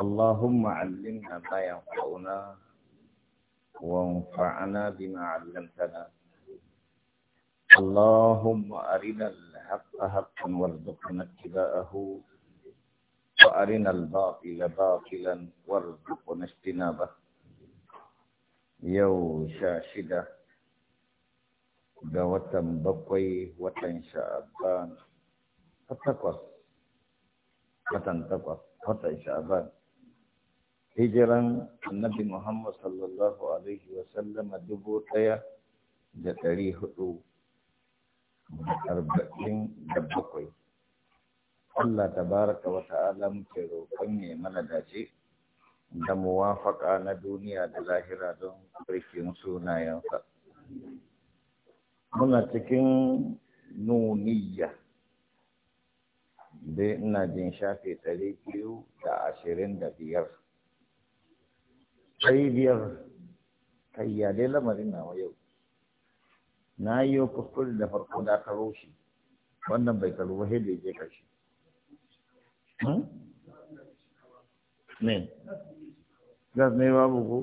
اللهم علمنا ما ينفعنا وانفعنا بما علمتنا اللهم أرنا الحق حقا وارزقنا اتباعه وأرنا الباطل باطلا وارزقنا اجتنابه يو شاشدة دوة بقوي وتنشأبان فتقص فتن وتنشأبان hijiran annabi Muhammad sallallahu Alaihi sallama, dubu ɗaya da ɗari hudu da arba'in da bakwai. Allah tabaraka wa ta'ala muke roƙon ya mana dace da muwafaka na duniya da lahira don rikin sunayensa. Muna cikin nuniya. Dai ina jin shafe ɗari biyu da ashirin da biyar. sai biyar kayya dai lamarin nawa yau na yi kuskure da farko da aka roshi wannan bai karu ba da je kashi ne hmm? gas ne babu ku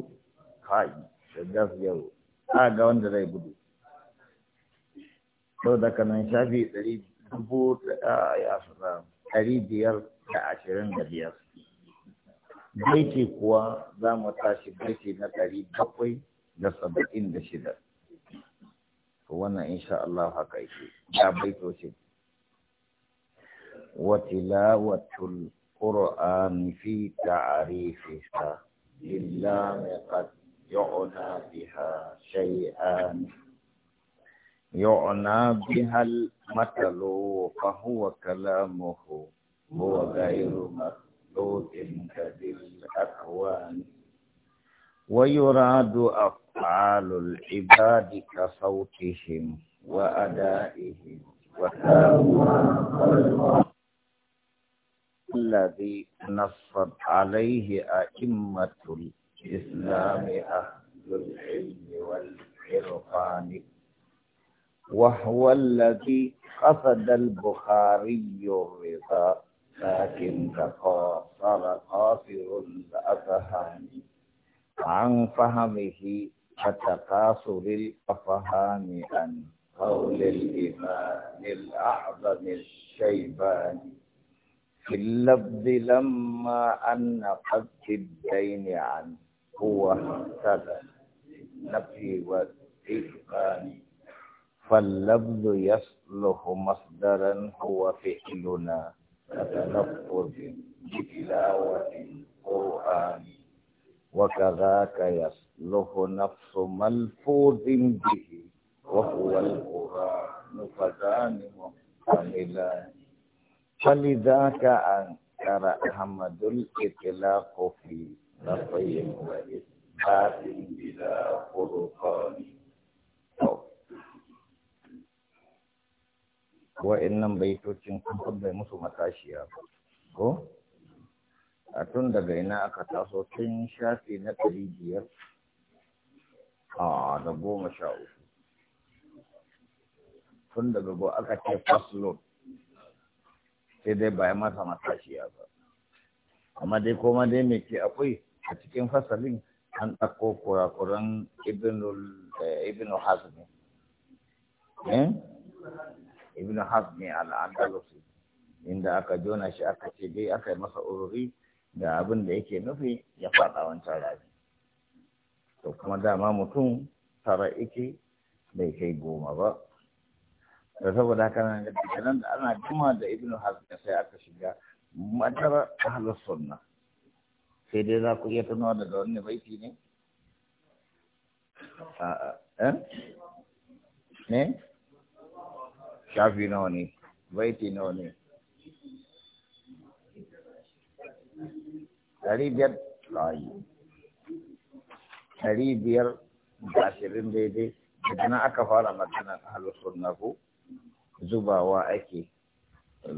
kai da gas yau a ga wanda zai gudu sau da kanan shafi ɗari a ah, ya ɗari biyar da ashirin da biyar baiti kuwa za mu tashi baiti na ɗari bakwai da saba'in da shida. Wannan insha Allah haka yake, ya bai baito shi. la watul Ƙura'an fi ta'arifi ta, illa mai ƙad yu'una biha shay'an يعنى بها المثل فهو ko wa غير مخلوق مخلوق الأكوان ويراد أفعال العباد كصوتهم وأدائهم وتأمل الذي نصت عليه أئمة الإسلام أهل العلم والعرفان وهو الذي قصد البخاري الرضا لكن تقاصر قافر الأفهام عن فهمه كتقاصر الأفهام عن قول الإمام الأعظم الشيباني في اللفظ لما أن قد الدين عن هو سبب النفي والإتقان فاللفظ يصلح مصدرا هو فعلنا كتلفظ بتلاوة القرآن وكذاك يصلح نفس ملفوظ به وهو القرآن فذان محتملان فلذاك أنكر أحمد الإطلاق في نفي وإثبات بلا فرقان wa'annan baitocin sun bai musu matashiya ko a tun daga ina aka taso tun shafi na ɗari biyar a da goma sha uku tun daga go aka ce faslo sai dai bayan masa matashiya ba amma dai koma dai mai ke akwai a cikin fasalin an ɗauko kurakuran ibn eh, hazmi eh? ibn hazm al-andalusi inda aka jona shi aka ce dai aka yi masa ururi da abin da yake nufi ya faɗa wancan rabi to kuma dama mutum tara ike bai kai goma ba da saboda haka nan da nan da ana jima da ibnu ne sai aka shiga madara ahlus sunna sai dai za ku iya tunawa daga wannan baiti ne a'a eh ne shafi nawa ne baiti nawa ne ɗari biyar layi ɗari biyar da ashirin daidai daga nan aka fara magana alusunna ku? zubawa ake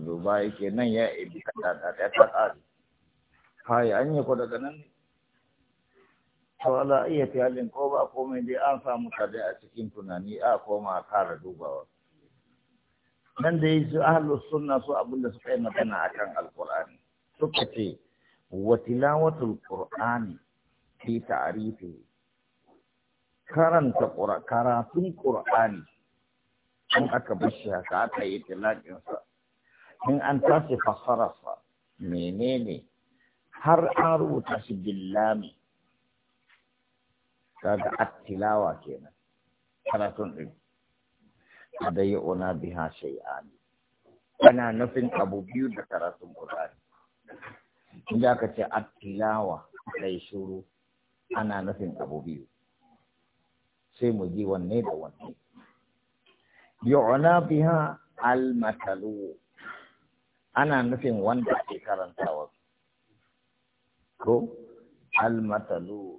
zuba yake nan ya ebi kada da ta tsari kai an yi ko daga nan ne wala iya halin ko ba komai dai an samu kare a cikin tunani a koma kara dubawa nan da yi su suna so su abinda suka yi magana akan alkur'ani suka ce wa tilawatul qur'ani fi ta'rifi karanta karatun qur'ani in aka bashi haka aka yi tilakinsa in an tashi fassararsa menene har an rubuta shi billami kaga attilawa kenan karatun din ona biha shay'an ana nufin abu biyu da karatun Qur'ani inda aka ce at-tilawa dai shuru ana nufin abu biyu sai mu ji wanne da wanne yu'na biha al-matalu ana nufin wanda ke karantawa ko al-matalu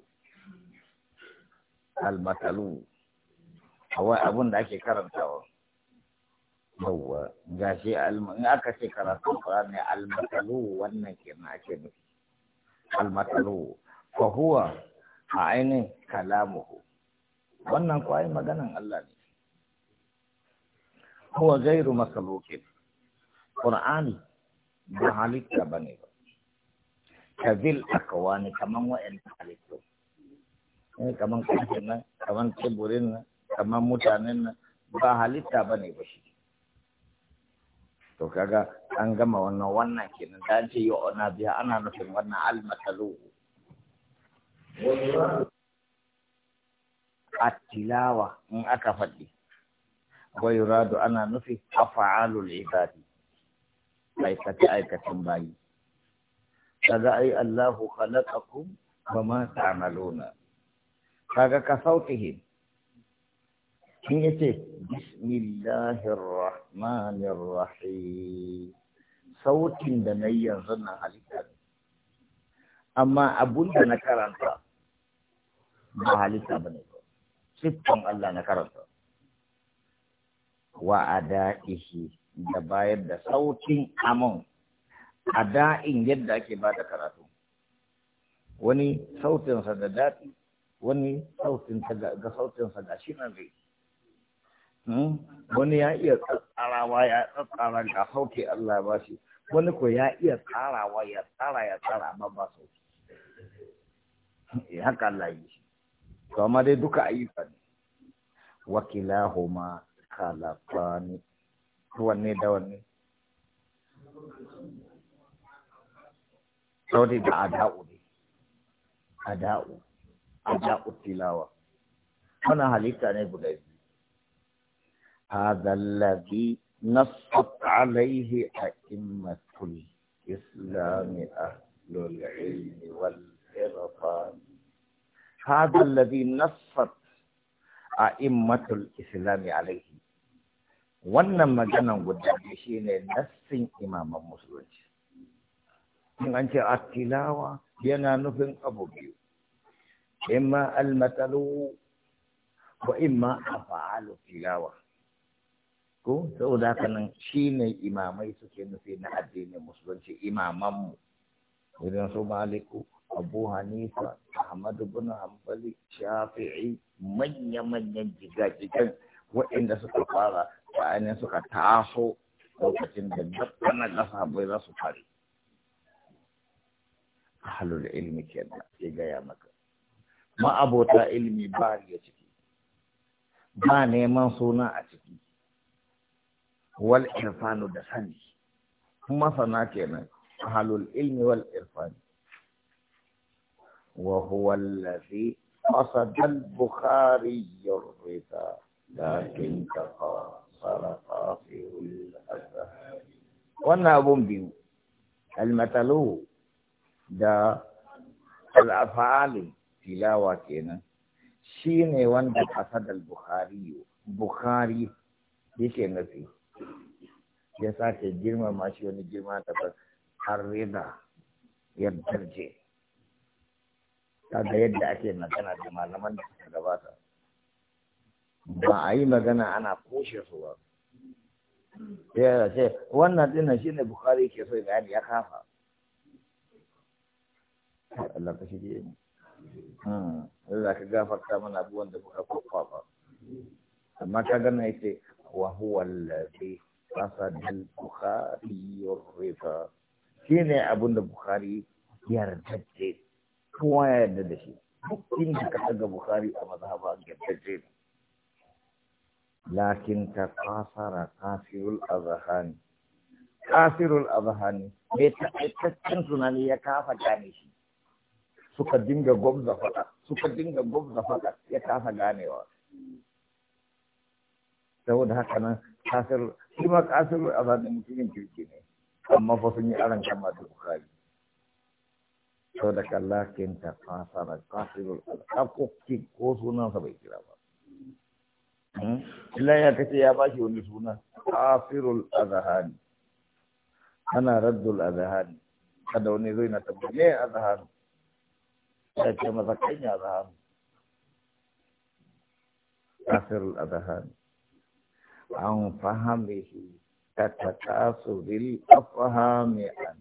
al-matalu awai abun da ake karantawa yawwa ga shi in aka ce karatun ne almatalu wannan kenan ake nufi almatalu fa huwa a ainihin kalamuhu wannan kwayi maganan Allah ne huwa gairu masalukin Qur'ani ba halitta ba ne ba kabil ne kaman wa'in halittu eh, kaman kwanci nan kaman tsibirin nan kaman mutanen nan ba halitta ba ne ba shi to kaga an gama wannan wannan kenan da an ce yi ona biya ana nufin wannan almatalu attilawa in aka faɗi wai yuradu ana nufi afa'alul ibadi aikace aikacin bayi kaga ai Allahu khalaqakum wa ma ta'maluna kaga ka sautihi sun yi ce bismillahirrahmanirrahim sautin da na yi yanzu na halitta amma abun da na karanta ba halitta ba ne siffan Allah na karanta wa ada'ihi da bayar da sautin amon ada'in yadda ake ba da karatu wani sautinsa da daɗi wani sautinsa ga sautinsa ga shi nan zai Hmm? wani ya iya tsarawa ya tsara ga sauke Allah ya shi wani ko ya iya tsarawa ya tsara ya tsara amma ba sauki eh haka Allah yi to amma dai duka ayyuka ne wakilahuma khalaqani wanne da wanne saudi da ada'u ne ada'u ada'u tilawa wannan halitta ne guda biyu هذا الذي نصت عليه أئمة الإسلام أهل العلم والإرفان هذا الذي نصت أئمة الإسلام عليه وانما جنا ودبشين نفس إمام مسلم من التلاوة ينا نفن أبو بيو إما المثل وإما أفعال التلاوه ko saboda haka nan shi ne imamai suke nufi na addinin musulunci imamanmu idan su maliku abu hanifa Ahmadu bin hanbali shafi'i manya-manyan jigajigan waɗanda suka fara bayanin suka taso lokacin da na ƙasa bai za su fari ahalul ilmi kenan ya gaya maka ma'abota ilmi ba ya ciki ba neman suna a ciki wal irfanu da sani masana kenan ahlul ilmi wal irfan wa huwa allazi qasada al bukhari yurida lakin fara, qafirul azhar wannan abun biyu al matalu da al afal tilawa kenan shine wanda qasada al bukhari bukhari yake nasi ya sake girmama shi wani girma daban har rida yardar je kaga yadda ake magana da malaman da suka gabata ba a yi magana ana kushe su ba ya ce wannan dinnan shine bukari ke so bayani ya kafa Allah ka shige ni za hmm, ka gafarta mana abubuwan da kuka kwakwa ba amma ka gana yace wa huwa allazi fasad al-bukhari yurrifa shine abin da bukhari yardacce kowa ya yarda da shi duk inda ka ga bukhari a mazhaba yardacce ne lakin ta kasara kafirul azhan kafirul azhani mai takaitaccen tunani ya kafa gane shi suka dinga gwamza faɗa suka dinga gwamza faɗa ya kafa ganewa saboda haka nan kafirul shi ma kasiru a zanen mutumin kirki ne amma fa sun yi aran kama da bukari sau da kallakin ta fasara kasiru al'akokin ko sa bai kira ba hmm? ilayya ya ce ya bashi wani suna kafirul azhani ana raddul azhani kada wani zai na ne azhani ya ce masa kanya azhani kafirul azhani an fahimihi ta takasurin afahami an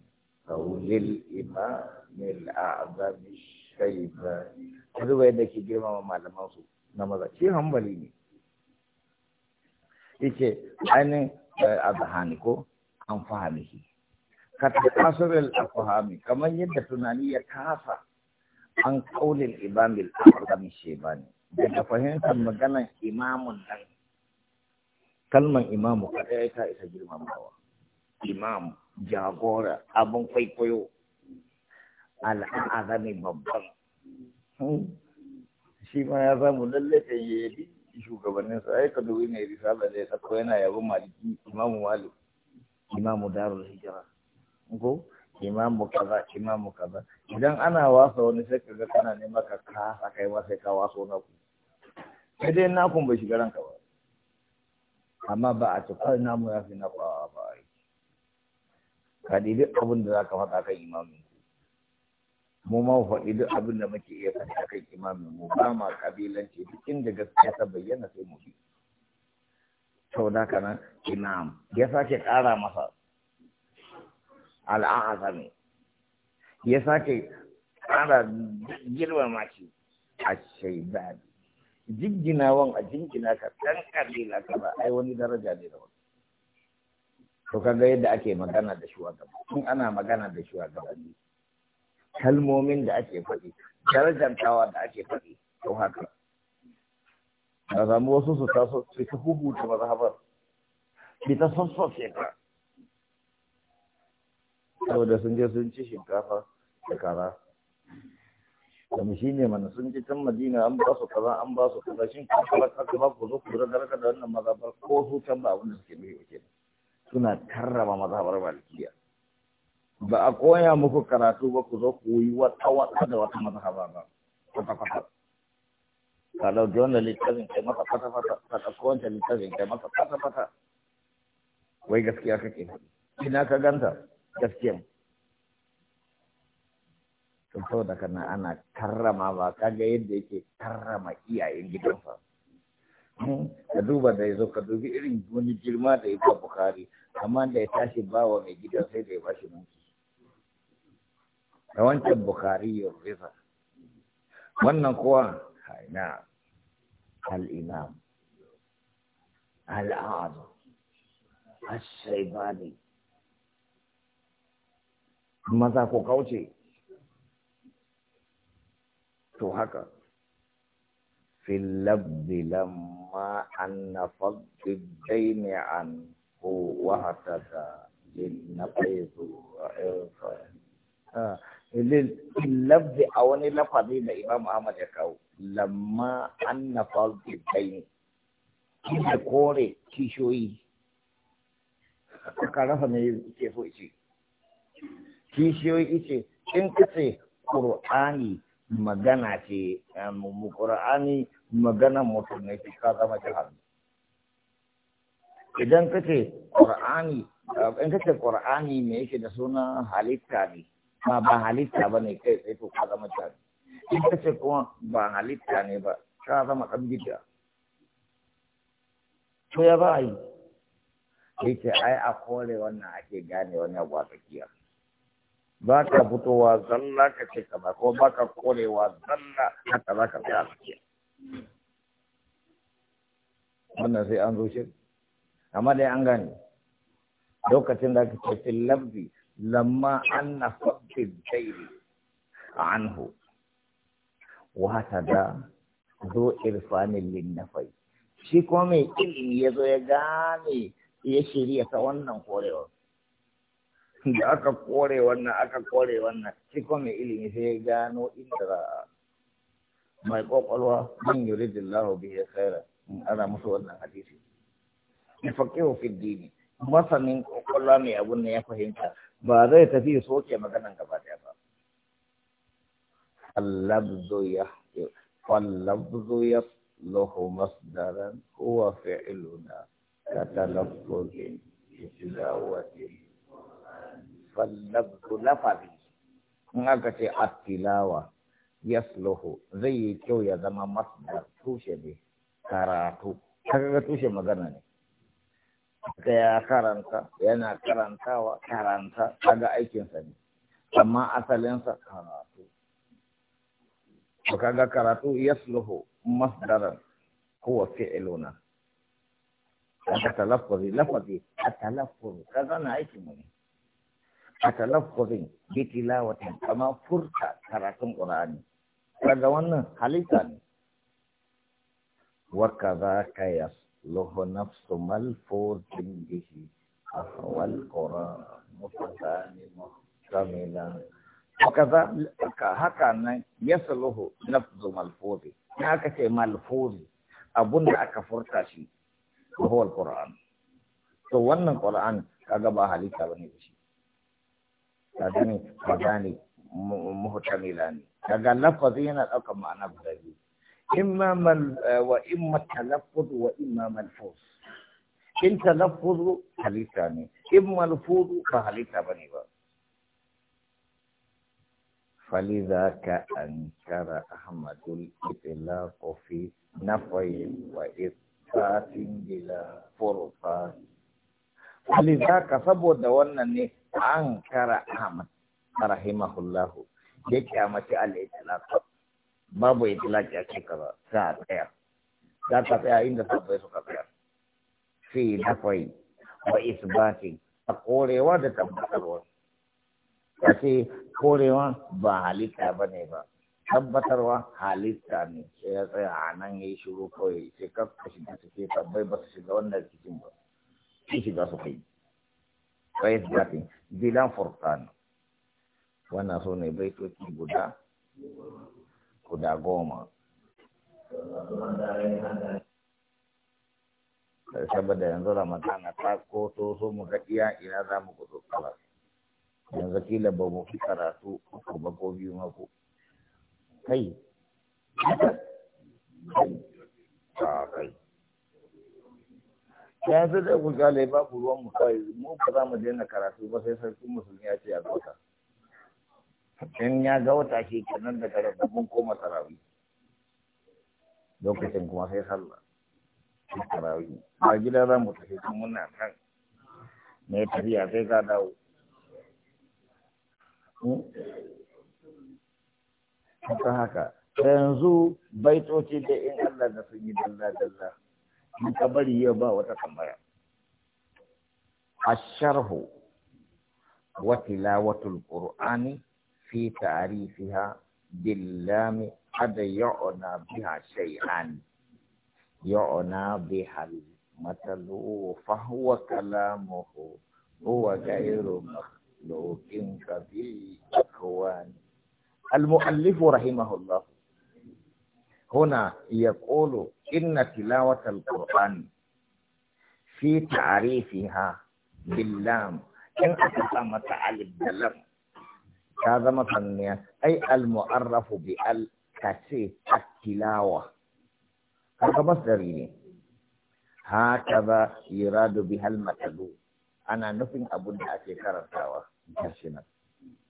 taurin ima mil azami shaibani ruwa yadda ke girmama malamansu na maza ce hambali ne yake ainihin azahani ko an fahimihi ka takasurin afahami kamar yadda tunani ya kasa an kaulin ima mil azami shaibani daga fahimtar maganar imamun dan kalman imamu kaɗai ta isa girmamawa imam jagora abin kwaikwayo al'azami babban hmm. shi ma ya samu lallafin ya yabi shugabannin sa ai ka dubi mai risala da ya sako yana yabon maliki imamu malik imamu darul hijira ko imamu kaza imamu kaza idan ana wasa wani sai ka ga kana nema ka kasa kai ma sai ka waso na ku sai dai na kun bai shiga ranka ba amma ba a tukar namu ya fi na kwawa ba a yi ka ɗiɗi abin da za ka faɗa kan imamin mu ma faɗi duk abin da muke iya faɗi a kan imamin mu ba ma ƙabilanci duk inda gaskiya ta bayyana sai mu bi sau da ka nan imam ya sake ƙara masa ne ya sake ƙara girmama shi a shaidani jinginawan a jingina ka ɗan ƙabila ka ba ai wani daraja ne da wani to kaga yadda ake magana da shugaba tun ana magana da shugabanni kalmomin da ake faɗi darajantawa da ake faɗi to haka a zamu wasu su taso su ta hubuta mazhabar bi ta ce ka saboda sun je sun ci shinkafa da kara kuma shi ne mana sun ji can madina an ba su kaza an ba su kaza shin kun kuma kaka ba ku zo ku raga raga da wannan mazhabar ko su can ba abin da suke nufi ke suna karrama mazhabar malikiya ba a koya muku karatu ba ku zo ku yi wata wata da wata mazhaba ba kwata kwata ka dauki wannan littafin kai masa kwata kwata ka dauki wancan littafin kai masa kwata kwata wai gaskiya kake ina ka ganta gaskiya to saboda kana ana karrama ba kaga yadda yake karrama iyayen gidansa hmm? ka duba da ya zo ka dubi irin wani girma da ya ba bukari amma da ya tashi bawa mai gidan sai da ya bashi mulki da wancan bukari ya rufa wannan kuwa haina al al'adu al maza ko kauce تو هكا في اللب لما أن فض الدين عنه وهتك للنقيض وعرفا اللب آه. أولي لفظي لإمام محمد يكاو لما أن فض الدين كيف قولي كيشوي kakara sa mai kefu ichi kishiyo ichi in kace qur'ani magana ce um, mu qur'ani magana mutum ne ka zama jihar, idan kace qur'ani um, in kace qur'ani me yake da suna halitta ne ba ba halitta bane kai sai to ka zama jahannam in kace kuma ba halitta ne ba ka zama dan bid'a to ya ba yi ce ai a kore wannan ake gane wani abu a ba ka fitowa zalla ka ce kaza ko baka ka korewa zalla haka za ka fi a wannan sai an zo shi amma dai an gane lokacin da ka ce fi labbi lamma anna faddi a anhu wata da zo irfanin linnafai shi kuma mai ilimi ya zo ya gane ya shirya ta wannan korewar da aka kore wannan aka kore wannan shi kuma ilimi sai ya gano inda za a mai kwakwalwa man yuridillahu bihi khaira in ana musu wannan hadisi yafaqihu fi dini masanin kwakwalwa mai abun ne ya fahimta ba zai tafi soke maganan gaba daya ba اللفظ يحكي واللفظ يصلح مصدرا هو فعلنا كتلفظ بتلاوة fallabtu lafazi in aka ce attilawa yasluhu zai yi kyau ya zama masdar tushe ne karatu kaga tushe magana ne ka ya karanta yana karantawa karanta kaga aikinsa ne amma asalinsa karatu to kaga karatu yasluhu masdaran huwa fi'luna kaga talaffuzi lafazi a talaffuzi kaga na aikin mu ne a talaffuzin bi tilawatin kama furta karatun qur'ani daga wannan halitta ne wa kadhaka yasluhu nafsu malfuzin bihi ahwal qur'an mufatani muhtamilan kaza haka nan yasluhu nafsu malfuzi haka ce malfuzi abun da aka furta shi ahwal qur'an to wannan quran kaga ba halitta bane shi kaga ne kaza ne muhtamila ne kaga lafazi yana ɗaukar ma'ana guda biyu imma mal wa imma talaffuz wa imma malfuz in talaffuz halitta ne in malfuz ba halitta bane ba فلذاك أنكر أحمد الإطلاق في نفي وإثبات بلا فرقان فلذاك سبب دوانا an kara Ahmad rahimahullahu ya kyamaci al-itlaq babu itlaq ya ce kaza za a tsaya za ta tsaya inda bai suka tsaya fi dafai wa isbati a korewa da tabbatarwa ya ce korewa ba halitta ba ne ba tabbatarwa halitta ne sai ya tsaya a nan ya yi shiru kawai sai ka shiga suke tabbai ba su shiga wannan cikin ba shi shiga su kai wa isbati bilan furqan wannan so ne baitoci guda guda goma saboda yanzu ramadana ta koto so mu ga iya ina za mu kudu kalas yanzu kila ba mu fi karatu ko ba ko biyu mako kai kai ta yanzu da ku lai babu ruwan mu kawai mu ba za mu daina karatu ba sai sarki musulmi ya ce a gauta in ya gauta shi kenan da karatu mun koma tarawih lokacin kuma sai sallah tarawih ba gida za mu tafi kuma muna kan me tafiya sai ka dawo hmm? haka haka yanzu baitoci da in Allah da sun yi dalla dalla in ka bari yau ba wata tambaya asharhu wa tilawatul qur'ani fi ta'rifiha billami qad ya'na biha shay'an ya'na biha matalu fa huwa kalamuhu huwa ghayru makhluqin ka bi akwan المؤلف رحمه الله هنا يقول إن تلاوة القرآن في تعريفها باللام إن أتسمى على الدلم هذا مثلا أي المعرف بال التلاوة هذا مصدري هكذا يراد بها المتلو أنا نفن أبونا أكي كارتاوة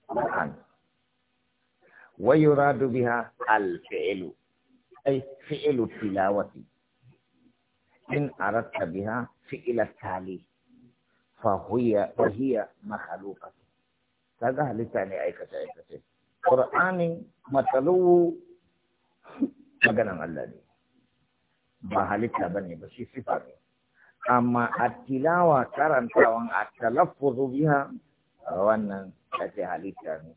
القرآن ويراد بها الفعل أي فعل التلاوة إن أردت بها فعل التالي فهي وهي مخلوقة هذا لساني أي كتاب كتاب قرآن مطلو مجنم الذي بحالي كابني بشي سفاني أما التلاوة كران كوان التلفظ بها وانا كتاب فهي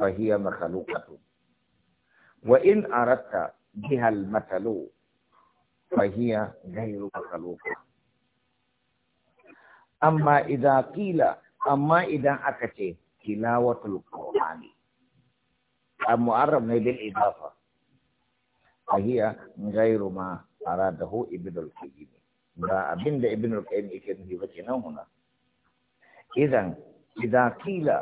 فهي مخلوقة وإن أردت بها المثل فهي غير مخلوقة أما إذا قيل أما إذا أكت تلاوة القرآن المعرب بالإضافة فهي غير ما أراده ابن القيم لا أبن ابن القيم al-qayyim yake nufi ba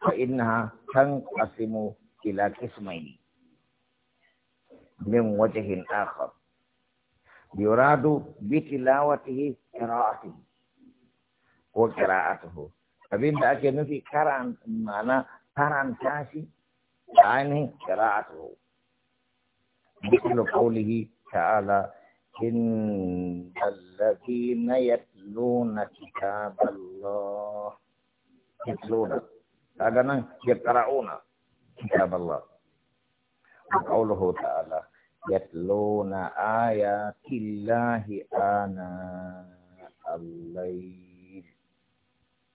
fa innaha tanqasimu ila qismayn min wajhin akhar yuradu bi tilawatihi qira'atihi ko qira'atuhu abinda ake nufi karan mana karanta shi ainihin qira'atuhu مثل قوله تعالى إن الذين يتلون كتاب الله يتلون kaga nan yaqra'una kitab Allah wa qawluhu ta'ala yatluna ayati Allahi ana al-layl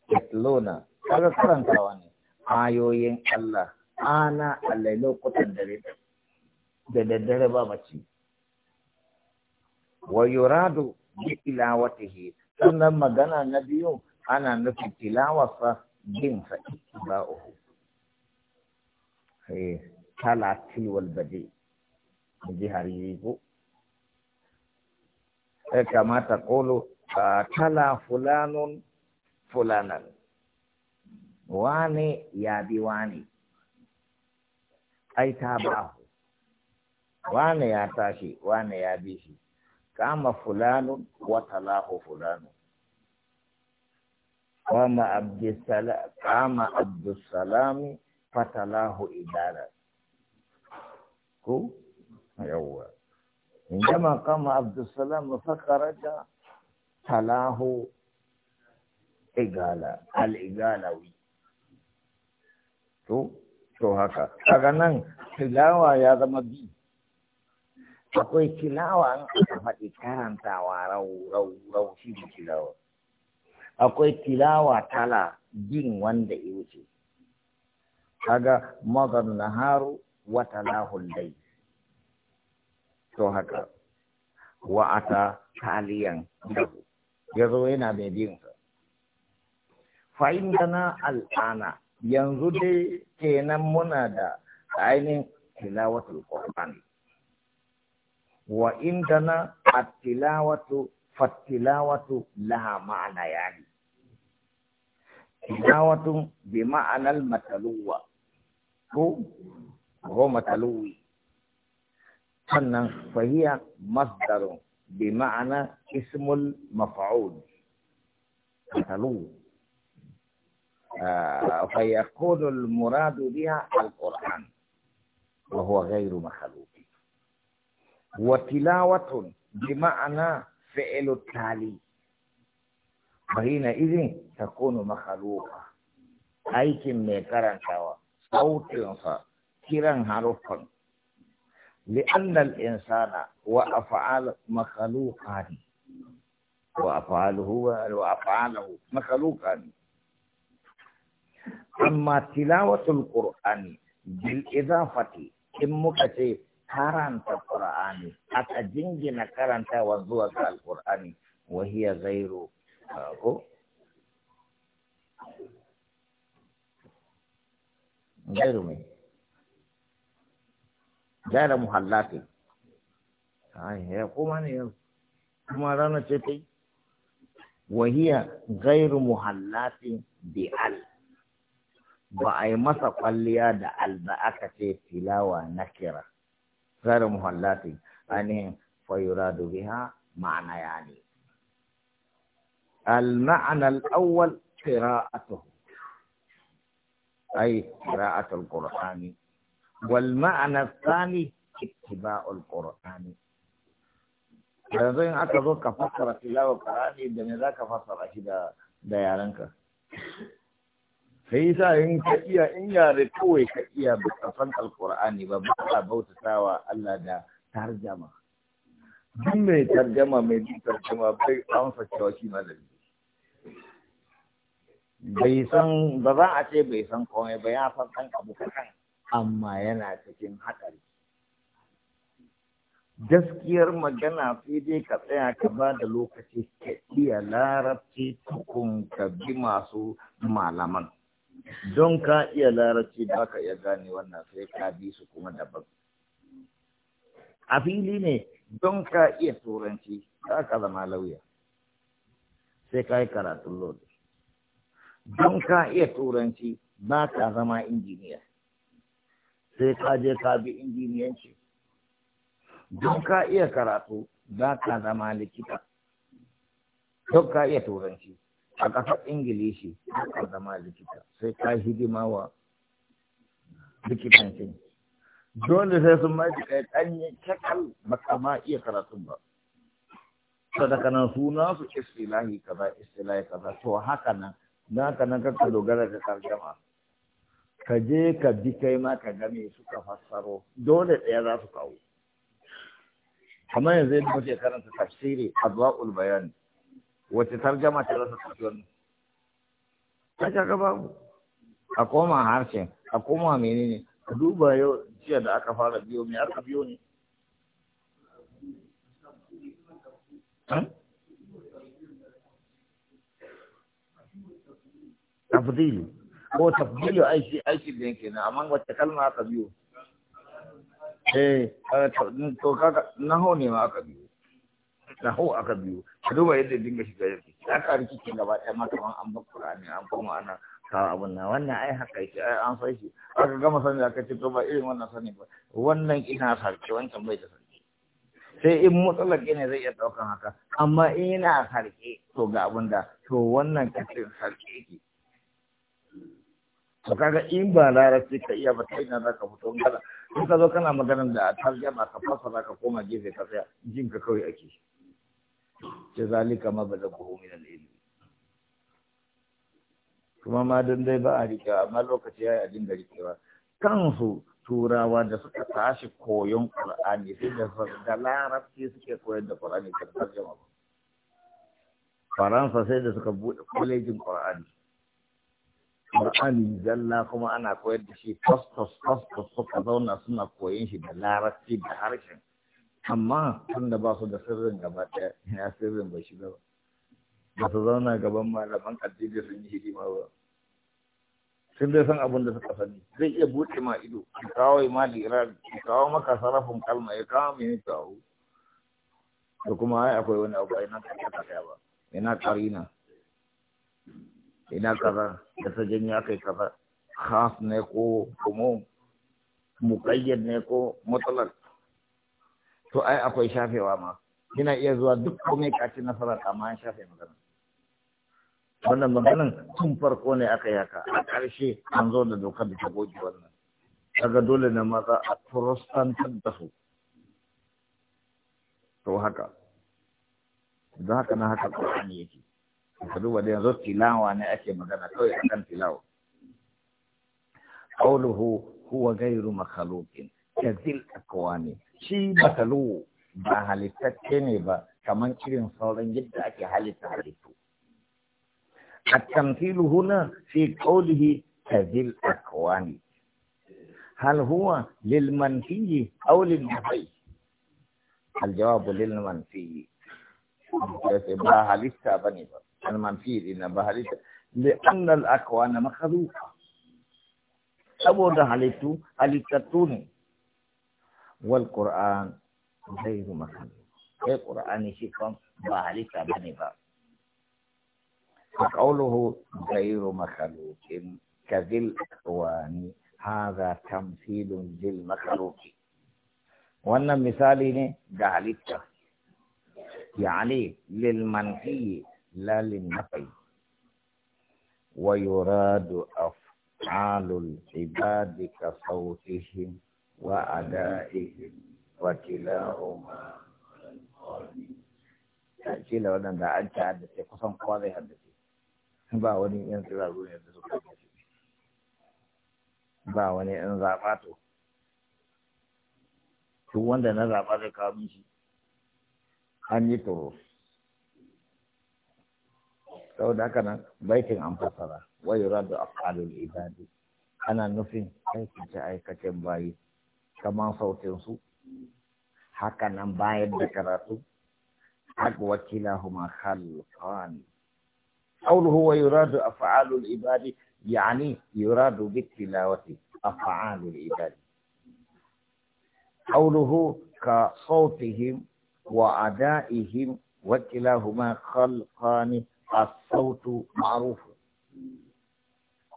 yatluna kaga karantawa ne ayoyin Allah ana allai lokutan dare da daddare ba mace wa yuradu bi tilawatihi sannan magana na biyu ana nufin tilawarsa bin ba uku. eh talatil wal badi ji hariri ko eh kama ta qulu tala fulanun fulanan wane ya bi wane ai ta ba wane ya tashi wane ya bi shi kama fulanun talahu fulanun قام عبد السلام قام عبد السلام فتلاه إدارة كو يوا عندما قام عبد السلام فخرج تلاه إقالة الإقالوي تو to haka kaga nan tilawa ya zama bi akwai tilawa an aka faɗi karantawa rau rau rau shi ne tilawa akwai tilawa tala jin wanda ya wuce kaga mazan naharu wa talahul dai to haka wa ata taliyan dahu ya yana mai bin sa indana al ana yanzu dai kenan muna da ainihin tilawatul qur'an wa indana at-tilawatu fat-tilawatu laha ma'ana yani tilawatu bima anal mataluwa Ku ho mataluwi sannan fahiya masdaru bima ana ismul maf'ul mataluwa فيكون المراد بها القرآن وهو غير مخلوق وتلاوة بمعنى فعل التالي فحينئذ تكون مخلوقة أيكم ميكران سوا صوت ينفى كيران حروفا لأن الإنسان وأفعال مخلوقا وأفعاله وأفعاله مخلوقا أما تلاوة القرآن بالإضافة كمكتي قرآن القرآن أتجنجنا قرآن وزوة القرآن وهي غير آه، غير من غير محلاتي هي قومان يوم كما رانا تتي وهي غير محلات بأل بأي مسا قليا دا البأكة تلاوة نكرة غير محلات يعني فيراد بها معنى يعني المعنى الأول قراءته أي قراءة القرآن والمعنى الثاني اتباع القرآن yanzu in aka zo ka fassara tilawa Qur'ani da me za ka fassara shi da da yarenka sai sa in ka iya in yare kawai ka iya ba san alqur'ani ba ba ka bautawa Allah da tarjama duk mai tarjama mai tarjama bai amsa cewa shi malami bai san ba za a ce bai san komai ba ya san san abu kaɗan amma yana cikin haɗari gaskiyar magana sai dai ka tsaya ka ba da lokaci ka iya larabci tukun ka bi masu malaman don ka iya larabci ba ka iya gane wannan sai ka bi su kuma daban a fili ne don ka iya turanci za ka zama lauya sai ka yi karatun lodi don ka iya turanci ba ka zama injiniya sai ka je ka bi injiniyanci don ka iya karatu ba ka zama likita don ka iya turanci a ƙasar ingilishi ba ka zama likita sai ka hidima wa likitancin dole sai sun mai kai ɗanyen cakal ba ka ma iya karatun ba sadaka nan suna su istilahi kaza istilahi kaza to haka nan na ka nan ka dogara da tarjama ka je ka bi kai ma ka game suka fassaro dole ɗaya za su kawo kamar yanzu yadda muke karanta tafsiri azwa'ul bayan wace tarjama ta rasa tafsirin ta kaga babu a koma harshen a koma menene ka duba yau jiya da aka fara biyo me aka biyo ne tafdili ko tafdilu aiki aiki da yake na amma wacce kalma aka biyo eh to na naho ne ma aka biyo naho aka biyo ka duba yadda dinga shiga yake riki kin gaba ɗaya ma kaman an ba Qur'ani an kuma ana kawo abun nan wannan ai haka yake ai an sai shi aka gama sani aka ce to ba irin wannan sani ba wannan ina sarki wancan bai da sarki sai in matsalar ne zai iya daukan haka amma in yana sarki to ga abunda da to wannan kacin sarki yake to kaga in ba larabci ka iya ba ta ina za ka fito kana in ka zo kana maganar da tarjama ka za ka koma gefe ka tsaya jin ka kawai ake ce zalika ma ba zaku min al kuma ma dan dai ba a rike amma lokaci yayi a dinga rikewa kansu turawa da suka tashi koyon qur'ani sai da da larabci suke koyar da qur'ani da tarjama faransa sai da suka bude kwalejin qur'ani kur'ani zalla kuma ana koyar da shi fasfo- fasfas suka zauna suna koyon shi da larabci da harshen amma tun da ba su da sirrin gaba ɗaya ina sirrin bai shiga ba ba su zauna gaban malaman addini sun yi hidima ba sun dai san abin da suka sani zai iya buɗe ma ido ki kawo ma lirar ki kawo maka sarafin kalma ya kawo mai kawo da kuma ai akwai wani abu ai nan ka ba ina karina ina kaza da sajen ya kai kaza khas ne ko kuma muƙayyad ne ko matsalar to ai akwai shafewa ma Ina iya zuwa duk komai kaci nasara amma an shafe magana wannan maganin tun farko ne aka yi haka a ƙarshe an zo da dokar da ta goge wannan Daga dole ne maza a protestantar da su to haka don haka na haka ƙwarani yake ka duba da yanzu tilawa ne ake magana kawai akan tilawa qawluhu huwa ghayru makhluqin kazil akwani shi makalu ba halittacce ne ba kamar irin sauran yadda ake halitta halittu التمثيل هنا في قوله كذي الأكوان هل هو للمنفي أو للنفي الجواب للمنفي ba halitta ba ne ba أنا ما نفير إن بهاليت لأن الأكوان مخلوقة أبو ده هاليتو هاليتاتوني والقرآن غير مخلوق القرآن يشيكم بهاليتا بنيبا فقوله غير مخلوق كذي الأكوان هذا تمثيل للمخلوق وأن مثالي ده يعني للمنفي لا للنفي ويراد أفعال العباد كصوتهم وأدائهم وكلاهما shi da an ta haddace kusan kowa zai haddace ba wani yan tsiraru ne da suka haddace ba wani yan zaɓa to duk wanda na zaɓa zai kawo mishi an yi saboda haka nan baitin an fassara wa da af'alul ibadi ana nufin aikace aikacen bayi Kamar sautin su haka nan bayan da karatu haka huma khalqan qawluhu wa yuradu af'alul ibadi yani yuradu bitilawati af'alul ibadi qawluhu ka sawtihim wa ada'ihim wakilahuma khalqani A sautu ma'rufu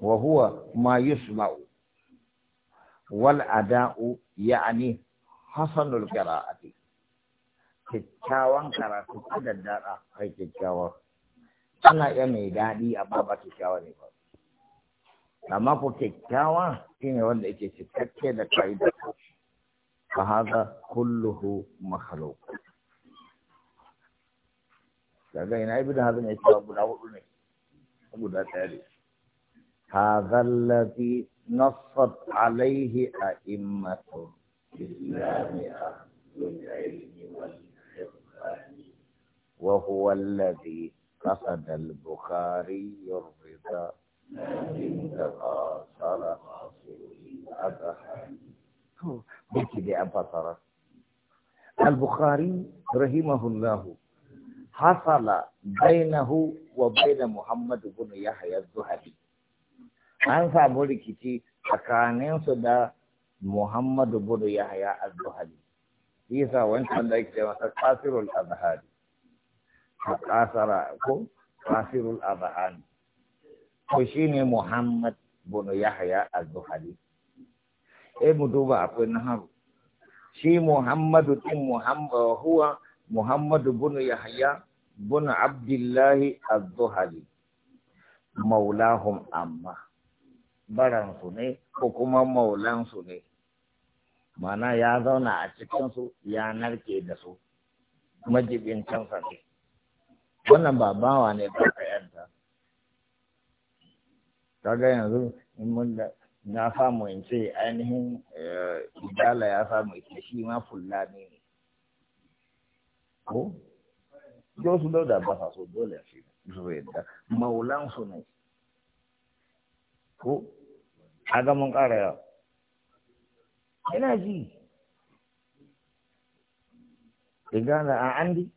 wa huwa ma yusma'u wal'adau ada'u ya'ni hasanul qira'ati kyakkyawan karatu ko daddara kai kyakkyawa ana iya mai daɗi amma ba kyakkyawa ne ba amma ko kyakkyawa shine wanda yake cikakke da ka'ida fa hadha kulluhu makhluq daga ina ibn hazm ya ce guda hudu ne guda tare hadha alladhi nassat alaihi a'immatu islami ahlul ilmi wal وهو الذي قصد البخاري الرضا لكن تقاصر أبحان بكذا أبصرت البخاري رحمه الله hasala bainahu wa baina Muhammad ibn Yahya az-Zuhri an samu rikici tsakanin su da Muhammad ibn Yahya al zuhri yasa wancan da yake masa qasirul azhari kasara ko qasirul azhari ko shine Muhammad ibn Yahya al zuhri eh mu duba akwai na naharu shi Muhammadu din Muhammad huwa Muhammadu ibn Yahya بن عبد الله الظهري maulahum amma baransu ne ko kuma maulansu ne mana ya zauna a su ya narke da su majibin kansa ne wannan ba ne ba ka yanta yanzu mun da na samu in ce ainihin idala ya samu shi ma fulani ne ko yo su dauda ba sa so dole a shi su yadda maulan su ne ko a ga mun ƙara yawa ina ji igana a andi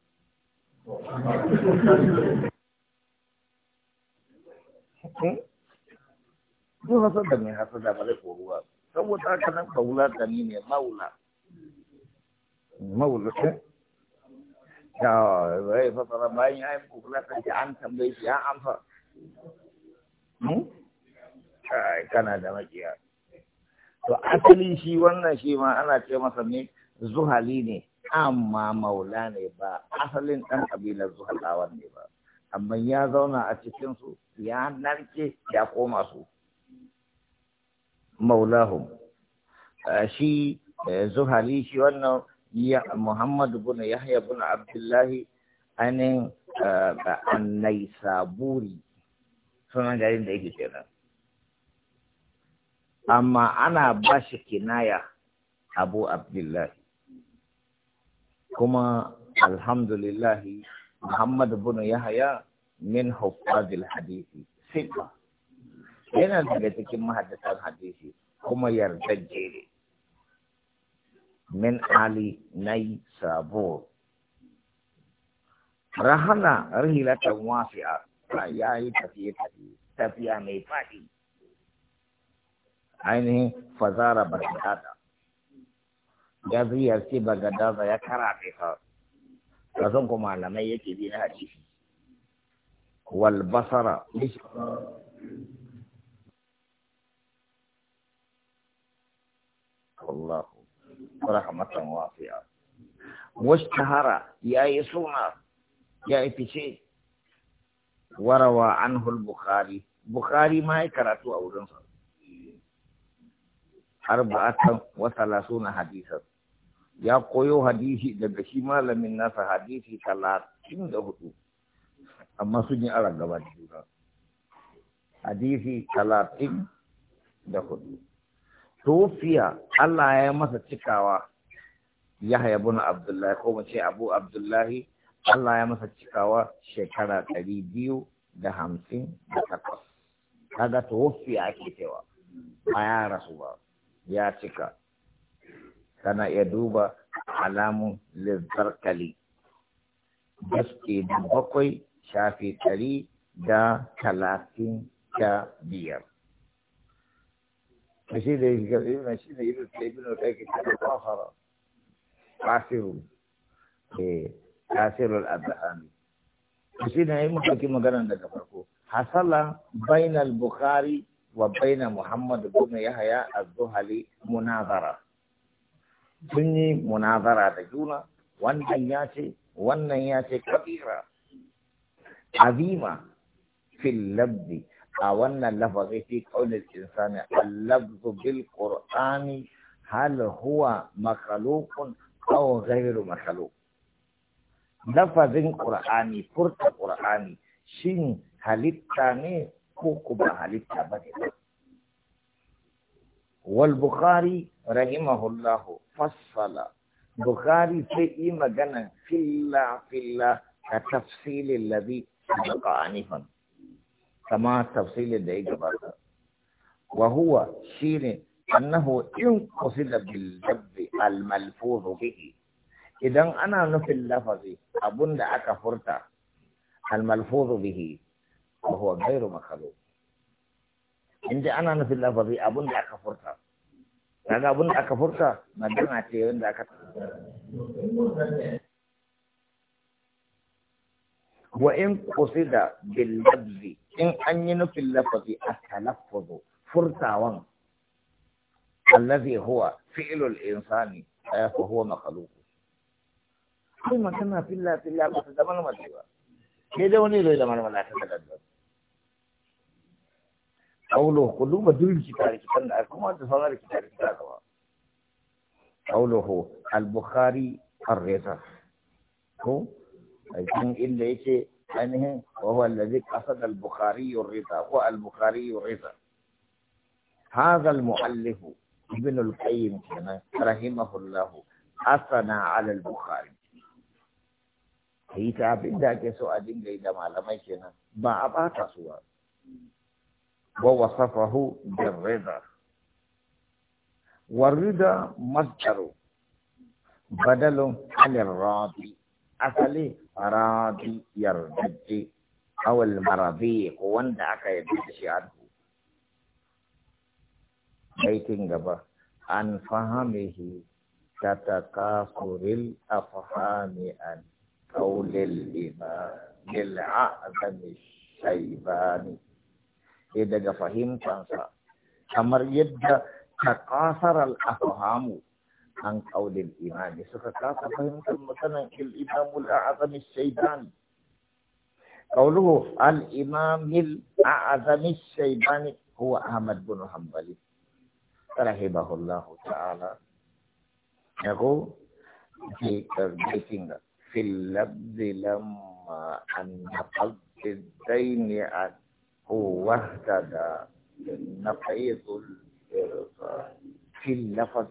Duk hasar da mai hasar da ba zai koruwa, saboda haka nan ba da ni ne maula. Maula, bai fasara bayan ya yi kokulatan shi an tambaye shi ya amsa kana da makiya to asali shi wannan shi ma ana ce masa ne zuhali ne amma maula ne ba asalin ɗan kabilar zuhalawan ne ba amma ya zauna a cikinsu ya narke ya koma su maulahum shi eh, zuhali shi wannan ya Muhammad bin Yahya bin Abdullahi anin annai saburi sunan da yake kenan amma ana ba shi kinaya Abu Abdullahi kuma alhamdulillahi Muhammad bin Yahya min hufadil hadisi sifa yana daga cikin mahaddatan hadisi kuma yarda jere من علي ني سابور رحنا رحلة واسعة يا تفي تفي تفي أمي فاتي أينه فزارة بغدادا جذي أرسي بغدادا يا كراتيها رزقكم ما لم يكي بنا حديث والبصرة ليش الله rahmatan wasi'a washtahara yayi suna yayi fice warawa anhu al-bukhari bukhari ma ya karatu a wurin sa arba'atan wa thalathuna hadisan ya koyo hadisi daga shi malamin nasa hadisi talatin da hudu amma sun yi ara gaba da hadisi talatin da hudu tofiya Allah ya masa cikawa Yahya na Abdullahi ko mu Abu Abdullahi Allah ya masa cikawa shekara ɗari biyu da hamsin da takwas kaga tofiya ake cewa a ya rasu ba ya cika kana iya duba alamun lizzarkali gaske da bakwai shafi ɗari da talatin da biyar shi da yake karɓi na shi ne irin ta ibina ta yake karɓi kwafara ƙasiru eh ƙasirul abdahani shi ne ya yi mutaki magana daga farko hasala bainal bukhari wa baina muhammad bin yahya az-zuhali munazara sun yi munazara da juna wannan ya ce wannan ya ce kabira azima fil labdi a wannan lafazi fi qaulil insani al-lafzu bil qur'ani hal huwa makhluqun aw ghairu makhluq lafazin qur'ani furta qur'ani shin halitta ne ko kuma halitta ba ne wal bukhari rahimahullahu fassala bukhari sai yi magana filla filla ka tafsilin labi da anifan kama tafsilin da ya gabata wa huwa shine annahu in qusila bil dabbi al malfuz bihi idan ana nufin lafazi abunda aka furta al malfuz bihi wa huwa ghairu makhlu inda ana nufin lafazi abunda aka furta kaga abunda aka furta magana ce wanda aka wa in qusida bil labzi in an yi nufin lafafi a talaffuzo furtawan allazi huwa fi'lul insani aya fa huwa makhluq kai magana filla filla ba ta zama lamarci ba ke da wani zai zama lamarci ta gaggawa kaulo ku duba duk ki tare ki kan da kuma da sanar ki tare ba. gaggawa kauluhu al-bukhari ar-rizq ko a cikin inda yake عنه وهو الذي قصد البخاري الرضا هو البخاري الرضا هذا المؤلف ابن القيم رحمه الله أثنى على البخاري هي تعبين ذاك سؤالين جيدا ما لم يكن ما أبعت سؤال ووصفه بالرضا والرضا مصدر بدل عن الراضي asali rabi yardajje awal marabi ko wanda aka yarda da shi arhu baitin gaba an fahamihi tatakasuril afhami an qawlil imam lil a'zami shaybani sai daga fahimtansa kamar yadda takasar al afhamu عن قول الإمام سكاكا فهمت المتنى الإمام الأعظم الشيطان قوله الإمام الأعظم الشيباني هو أحمد بن حنبل رحمه الله تعالى يقول في تربيتنا في اللبد لما أن قلت الدين عنه واهتدى نقيض الإرضاء في اللفظ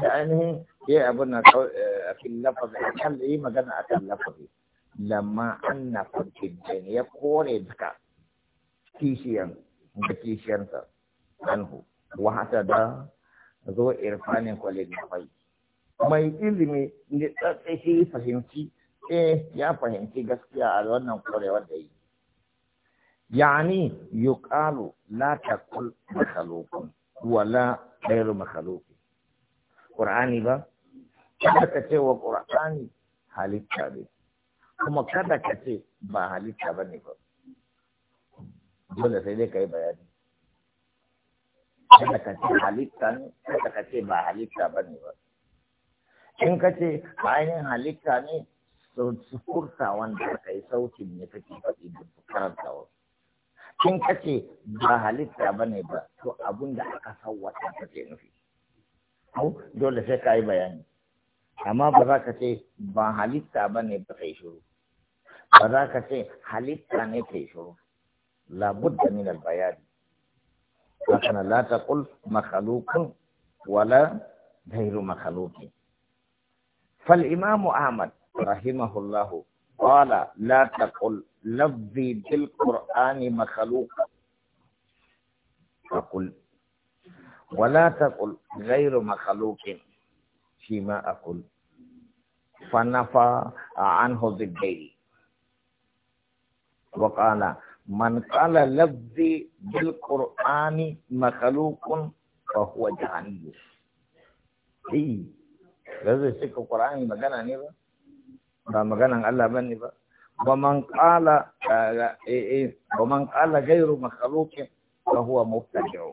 da ainihin ya abin na eh, a kan da yi magana a kan lafafi lamma an na farkin ya kore duka kishiyan da kishiyansa anhu wa hata da zo irfanin kwalin kwai. mai ilimi da tsatsashi fahimci eh ya fahimci gaskiya a wannan korewar da yi yani yuqalu la taqul makhluqun wala ghayru makhluq Qur'ani ba kada ka ce wa Qur'ani halitta ne kuma kada ka ce ba halitta ba ne ba dole sai dai ka yi bayani kada ka ce halitta ne kada ka ce ba halitta ba ne ba in ka ce ainihin halitta ne su furta wanda aka yi sautin ne kake faɗi da karanta In ka ce ba halitta ne ba to abun da aka sawwata take nufi ko dole sai ka yi bayani amma ba za ka ce ba halitta ba ne ba kai ba za ka ce halitta ne kai shiru labudda min albayani haka la taqul makhluqun wala ghairu makhluqin fal imamu ahmad rahimahullahu قال لا تقل لفظي بالقرآن مخلوق فقل ولا تقل غير مخلوق فيما أقول فنفى عنه ضدي وقال من قال لفظي بالقرآن مخلوق فهو جهني إي لازم يسيك القرآن مجانا نيبا مجانا maganan Allah ba ومن قال آه، آه، إيه، إيه، ومن قال غير مخلوق فهو مبتدع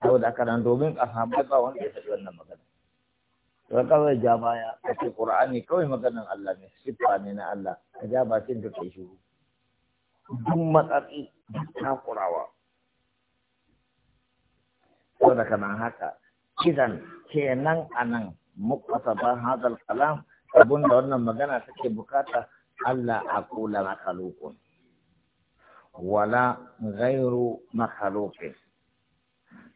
saboda haka nan domin a samu ba wanda ya tafi wannan magana to kawai ja baya a ce qur'ani kawai maganan Allah ne sifa ne na Allah ka ja bakin ka kai shiru duk matsatsi duk takurawa saboda kana haka kidan kenan anan ba hadal kalam abun da wannan magana take bukata Allah aqula makhluqun wala ghairu makhluqin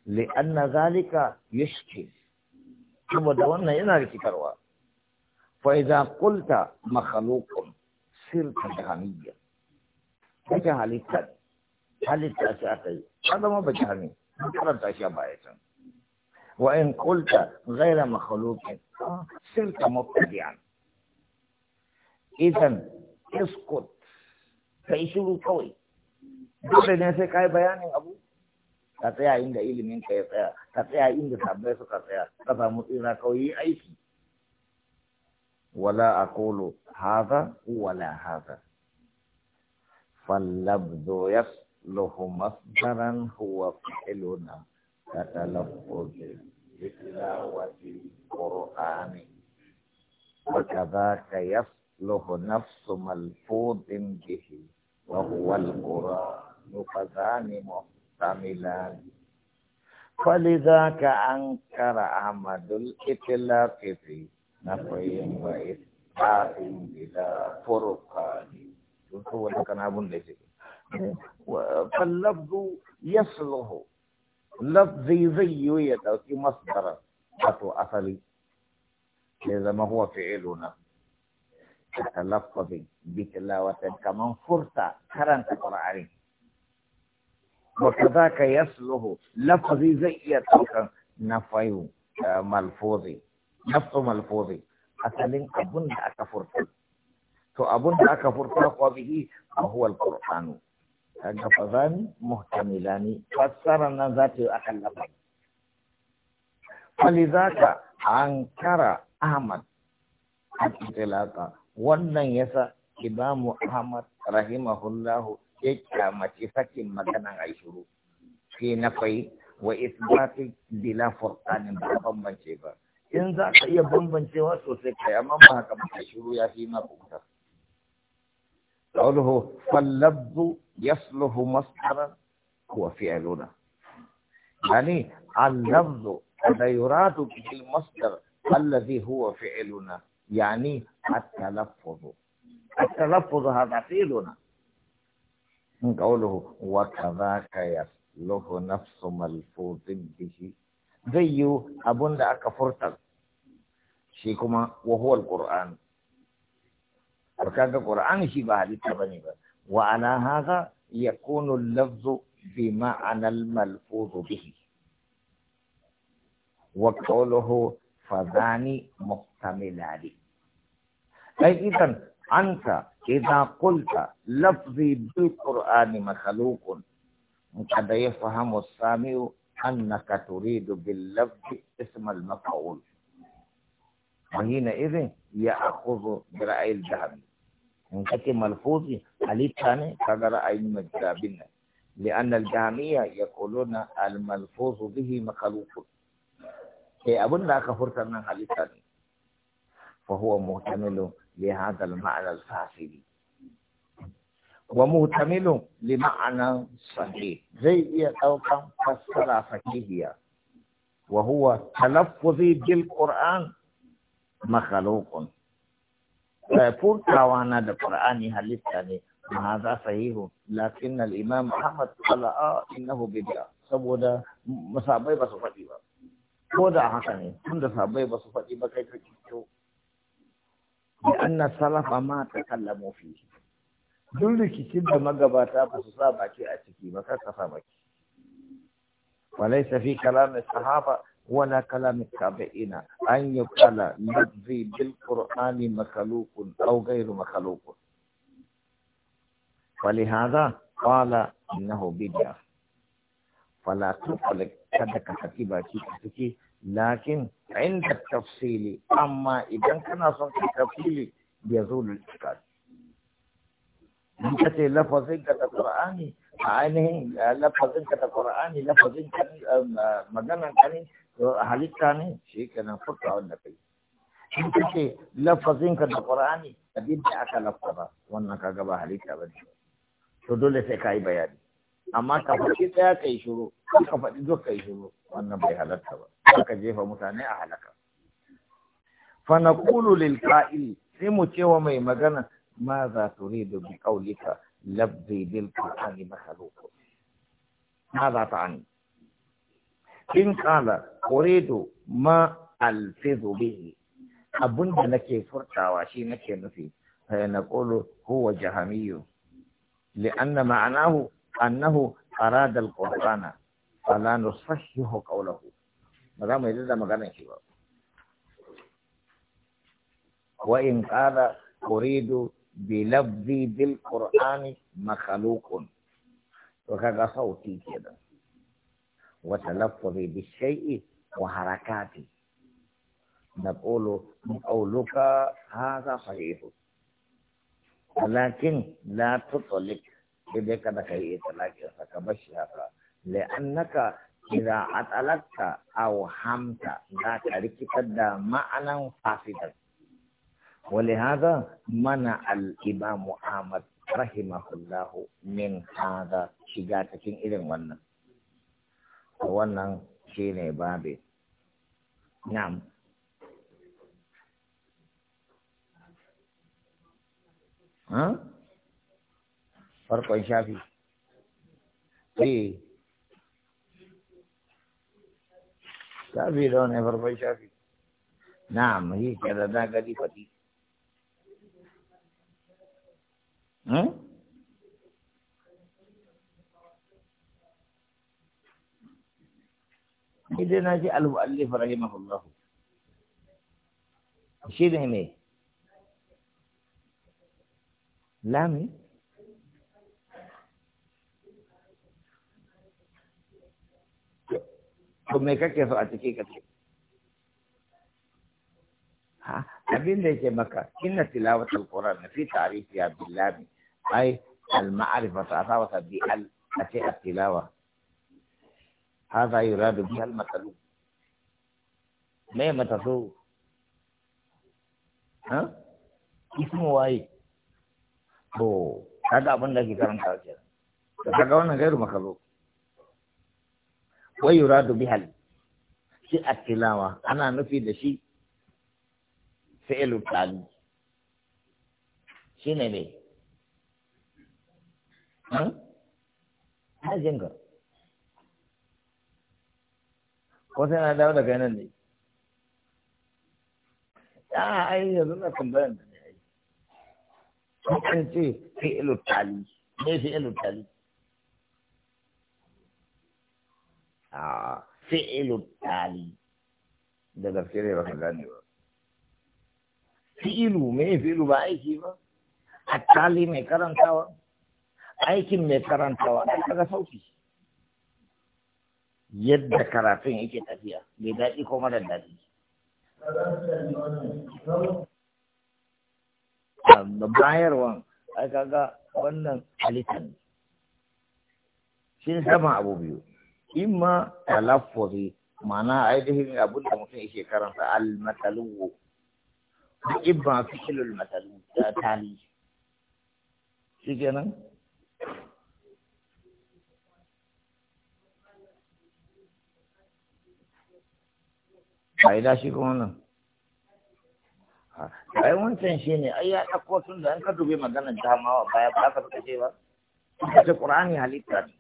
li'anna zalika yushki saboda wannan yana rikitarwa fa idza qulta makhluqun sirta jahamiyya kake halitta halitta shi aka yi ka zama ba jahami karanta shi a baya can wa in qulta ghayra makhluqin sirta mubtadi'an idan iskut kai shiru kawai dole ne sai kai bayanin abu ka tsaya inda ilimin ka ya tsaya ka tsaya inda sabbai suka tsaya ka samu tsira kawai yi aiki wala aqulu hadha wala hadha فاللفظ يصلح مصدرا هو فعلنا كتلفظ بتلاوة القرآن وكذاك يصلح نفس ملفوظ به وهو القرآن فزاني فزان محتملا فلذاك أنكر أحمد الإطلاق في نفي وإثبات بلا فرقان هو كان أبن فاللفظ يصلح لفظي زي ويتوكي مصدرا أتو أصلي إذا ما هو فعلنا تتلفظ بتلاوة كمن فرطة كرنت قرآني baka za ka yasluhu lafazi zai iya ɗaukar na fayu eh, malfozi nafsu malfozi asalin abun da aka furta to abun da aka furta kuwa bihi a huwa alƙur'anu kaga fazani muhtamilani fassara nan za ta yi akan lafazi falizaka an kara ahmad a wannan yasa imamu ahmad rahimahullahu ya kyamaci sakin maganan a shuru fi na fai wa isbati bila furqanin ba bambance ba in za ka iya bambancewa sosai kai amma ba haka ba shuru ya fi ma kuka قوله فاللفظ يصلح مصدرا هو فعلنا يعني اللفظ هذا يراد به المصدر الذي هو فعلنا يعني التلفظ التلفظ هذا فعلنا قوله وكذاك يسلف نفس ملفوظ به زي أبن دا أكفرت شيكما وهو القرآن وكذا القرآن شي بهذه تبني وعلى هذا يكون اللفظ بمعنى الملفوظ به وقوله فذاني محتملان أي إذا أنت إذا قلت لفظي بالقرآن مخلوق قد يفهم السامع أنك تريد باللفظ اسم المفعول وحينئذ يأخذ برأي الذهبي إن كنت ملفوظي علي الثاني يعني أي رأي لأن الجهمية يقولون الملفوظ به مخلوق كي إيه أبونا كفرت من علي يعني. فهو محتمل لهذا المعنى الفاسد ومهتمل لمعنى صحيح زي يتوقع فسر فكهية وهو تلفظي بالقرآن مخلوق فورتاوانا القرآن هل الثاني هذا صحيح لكن الإمام أحمد قال آه إنه بدعة سبودا masabai بصفتي su faɗi ba ko da haka ne بصفتي da sabai anna salafa ma ta kallamo fi duk rikicin da magabata ba su sa baki a ciki ba kar ka sa baki walaysa fi kalami sahaba la kalami tabi'ina an yuqala nadhi bil qur'ani makhluqun aw ghayru makhluqun ولهذا قال إنه بدعة فلا تطلق كدك حكي ciki. lakin inda tafsili amma idan kana son ka tafsili ya zo lulluka in ka ce lafazin ka ta qur'ani a ainihin lafazin ka ta qur'ani lafazin ka um, maganan ka ne halitta ne shi kenan fuka wanda kai in ka ce lafazin ka ta qur'ani abin da aka lafaza wannan ka gaba halitta ba ne to dole sai ka yi bayani amma ka faɗi ɗaya ka yi shuru ka faɗi duk ka yi shuru wannan bai halarta ba aka jefa mutane a halaka fa naqulu lil qa'il sai mu ce wa mai magana ma za turidu bi qawlika labbi bil qur'ani makhluq ma za ta ani in qala uridu ma alfizu bihi Abunda da nake furtawa shi nake nufi fa naqulu huwa jahamiyyu li'anna ma'anahu annahu arada al فلا نصحح قوله ما دام يريد ما كان وان قال اريد بلفظي بالقران مخلوق وكذا صوتي كذا وتلفظي بالشيء وحركاتي نقول قولك هذا صحيح ولكن لا تطلق إذا كان كي يتلاقي فكبشها la'annaka idza atalaka aw hamta da ka rikitar da ma'anan fasidan ولهذا منع الإمام أحمد رحمه الله من هذا شجاتكين إذن ونن ونن شين بابي نعم ها فرق شافي ايه سابيلوني فرباي شافي نعم هي كذا دا قدي فتي هم هذا ناجي المؤلف رحمه الله شيء هنا لامي to me kake so a ciki kake ha abin da yake maka inna tilawatul qur'an fi ya billahi ai al ma'rifa ta bi al ati at tilawa yi yuradu bi al matalu me mata so ha ismu wai to kaga abin da ke karanta kenan kaga wannan gairu makalu. wa yuradu bihal shi a tilawa ana nufi da shi fi'lu tali shi ne ne ha hmm? jinga ko sai na dawo daga nan ne ya ai yanzu na tambayar da ne ai an ce fi'lu tali ne fi'lu tali a Filu tali Filu ba fi'ilu me fi'ilu ba aiki ba a tali mai karantawa aikin mai karantawa ai kaga sauki yadda karatun yake tafiya Mai daɗi ko mara daɗi bayarwan ai kaga wannan halittar shi sama abu biyu imma talaffuzi ma'ana ainihin abin da mutum yake karanta al-mataluwu da ibba fi'ilul matalu da tali shi kenan fa'ida shi kuma nan ai wancan shi ne ai ya ɗauko tun da an ka dubi maganar damawa baya ba ka fita ba ta ce ƙur'ani halitta ne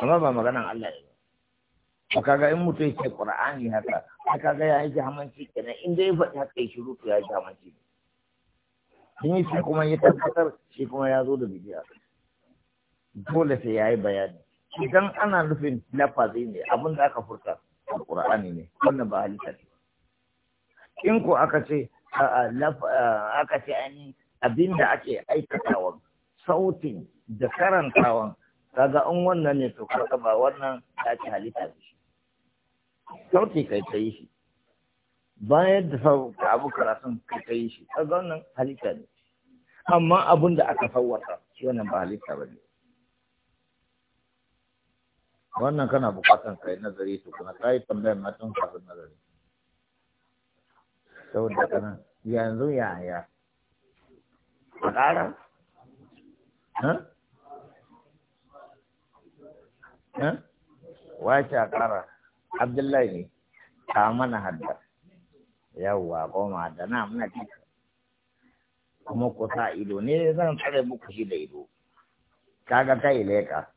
amma ba maganan Allah ne ba kaga in mutum yake qur'ani haka A kaga ya yi hamanci kenan in dai faɗi haka shi rufe ya yi hamanci in shi kuma ya tabbatar shi kuma ya zo da bidiya dole sai ya yi bayani idan ana nufin lafazi ne abin da aka furta qur'ani ne wannan ba halitta ne in ko aka ce aka ce an abin da ake aikatawa sautin da karantawan kaga in wannan ne to kaga ba wannan ta ci halitta da shi sauti kai ta yi shi bayan da abu karatun kai ta yi shi kaga wannan halitta ne amma abun da aka sawwata shi wannan ba halitta ba ne wannan kana bukatan kai nazari tukuna kai tambayar na tun kafin nazari saboda kana yanzu yaya a ƙara? wace a ƙara abdullahi ne ta mana haddar yawwa goma da na muna cika kuma ku sa ido ne zan tsare muku shi da ido kaga ta ileka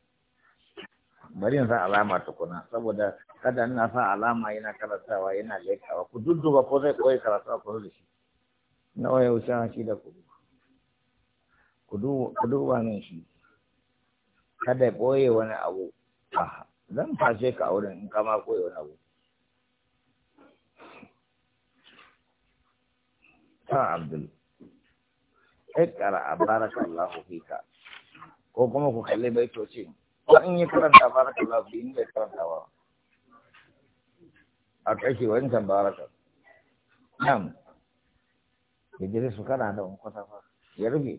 bari in sa alama tukuna saboda kada ina sa alama yana karasawa yana lekawa ku dudduba ko zai koyi karatawa ko da shi na waya wuce shi da ku ku duba min shi kada ya ɓoye wani abu zan fashe ka wurin in kama koyo na abu ta abdul ikara barakallahu ka, ko kuma ku kalli baitoci ko in yi karanta barakallahu fi in bai karanta ba a kashe wancan barakar nam ya jire su kana da wani kwata ya rufe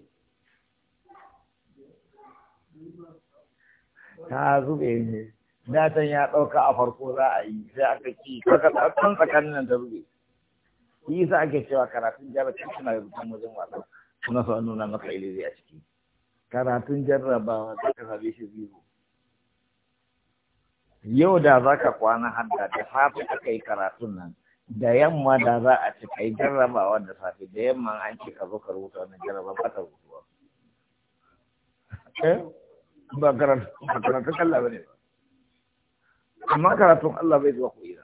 ta zube ne datan ya ɗauka a farko za a yi sai aka ki kaka tsakon tsakanin nan ta zube yi yasa ake cewa karatun jarabcin suna rubutun wajen wasa suna so nuna maka ilimi a ciki karatun jarrabawa za ka same shi biyu yau da za ka kwana hadda da safe aka yi karatun nan da yamma da za a ci kai jarrabawa da safe da yamma an ci ka zo ka rubuta wannan jarrabawa ba ta rubutuwa eh? ba Allah amma karatun Allah bai zuwa ko'ina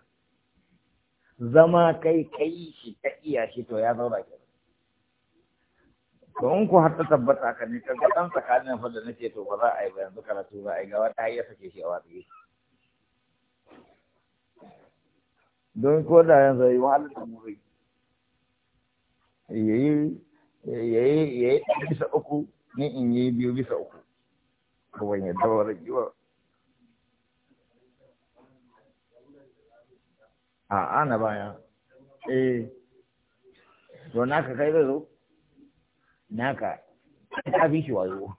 zama kai kai shi ta iya shi to ya zauna ke to in ku har ta tabbata ka ne ka dan tsakanin fa da nake to ba za a yi ba yanzu karatu ba a yi ga wata ya sake shi a watsi don ko da yanzu yi wahalar da muri yayi yayi yayi bisa uku ni in yi biyu bisa uku kawai ya dawar jiwa a ana baya eh to naka kai zai zo naka ta fi shi wayo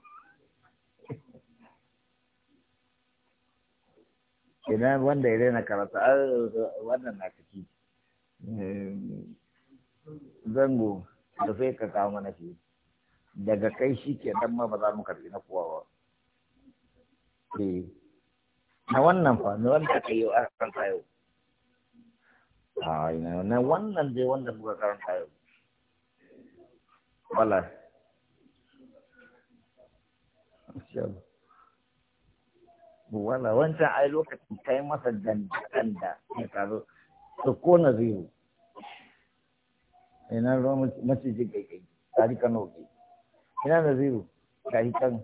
idan wanda ya daina karatu wannan na ciki eh, zango da sai ka kawo mana shi daga kai shi ke dan ma ba za mu karbi na kowa ba Eh. na wannan fa na wanda aka yi a karanta yau a ina na wannan dai wanda muka karanta yau wala wala wancan ai lokacin ta yi masa danda da ya taru su ko na ina ruwa maciji kai kai tari kano ke ina na zuru tari kano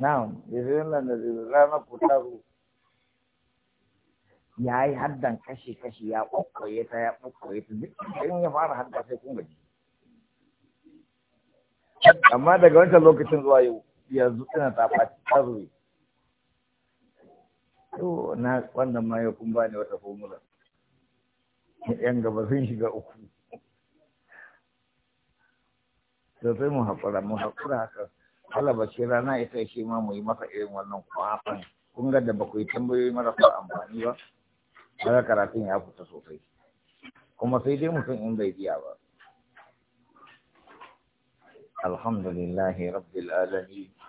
na'am yanzu nan da ranar ku taro ya yi haddan kashi-kashi ya ɓoɓɓoye ta ya ɓoɓɓoye ta duk in ya fara hadda sai kuma gaji amma daga wancan lokacin zuwa yau yanzu ina ta ɓaci tsaruri to na wannan ma kun ba ne wata formula yan gaba sun shiga uku sosai mu haƙura mu haƙura haka ce rana ita shi ma mu yi masa irin wannan kwafan kun ga da ba ku yi tambayoyi marasa amfani ba kaga karatun ya fita sosai kuma sai dai mutum in bai biya ba alhamdulillahi rabbil alamin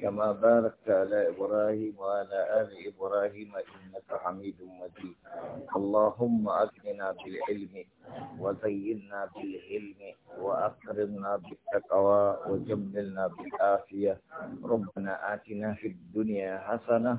كما باركت على إبراهيم وعلى آل إبراهيم إنك حميد مجيد اللهم أكرمنا بالعلم وزينا بالعلم وأكرمنا بالتقوى وجملنا بالعافية ربنا آتنا في الدنيا حسنة